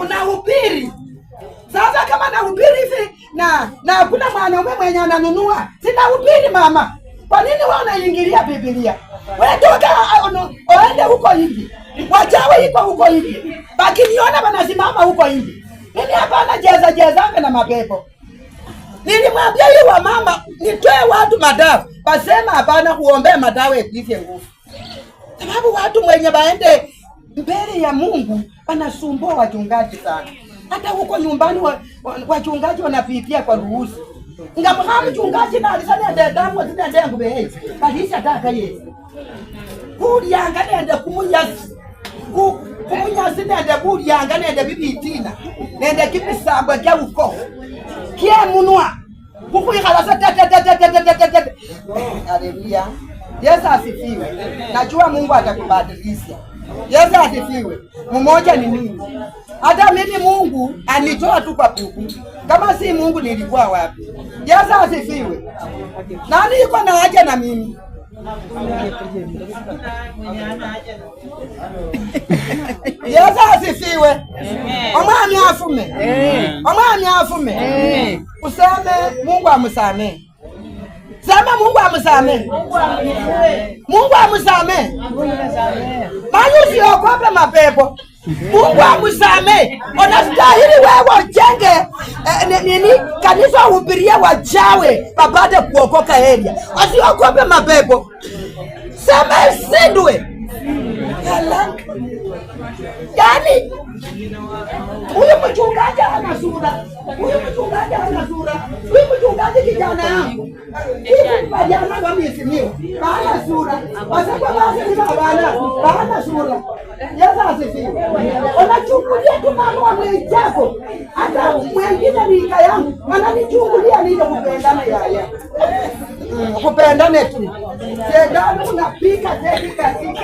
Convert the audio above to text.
Unahubiri sasa. Kama nahubiri hivi na na kuna mwanaume mwenye ananunua, sinahubiri mama. Kwa nini wewe unaingilia Biblia? Wewe toka uende huko hivi, wachawe iko huko hivi, wakiniona wanasimama huko hivi. Mimi hapana jeza jezange na mapepo. Nilimwambia yule wa mama nitoe watu madawa, wasema hapana, kuombea madawa ipivye nguvu, sababu watu mwenye waende ya Mungu wanasumbua wachungaji sana. Hata huko nyumbani wachungaji wanapitia kwa ruhusa ngamha mchungaji nalisanededamwazinedenguvei kalisha taka nende kumunyasi kumunyasi nende kulyanga nende vivitina nende kivisambwe kya uko kyemunwa kukwikhala sa tetetetetetetetete eh, haleluya yesu asifiwe najua mungu atakubadilisha Yesu asifiwe. Mmoja ni mimi, Hata mimi Mungu anitoa tu kwa buku, kama si Mungu nilikuwa wapi? Yesu asifiwe. Nani yuko na haja na mimi? Yesu asifiwe. Omwami afume, omwami afume, useme Mungu amsamee. Sema amusamehe, Mungu amusamehe, maana usiogope mapepo. Mungu amusamehe. Unastahili wewe ujenge nini eh, kanisa, uhubirie wajawe wapate kuokoka. Elia, usiogope mapepo, sema sindwe Yaani huyu mchungaji ana sura, huyu mchungaji ana sura, huyu mchungaji kijana yangu vijana wameisimiwa bana sura, kwa sababu asisima bana bana sura. Yesu asifiwe. Unachungulia tu mama wa mwenzako, hata mwengine rika yangu ananichungulia nile kupendana yaya hmm, kupendane tu, sedani unapika zeki katika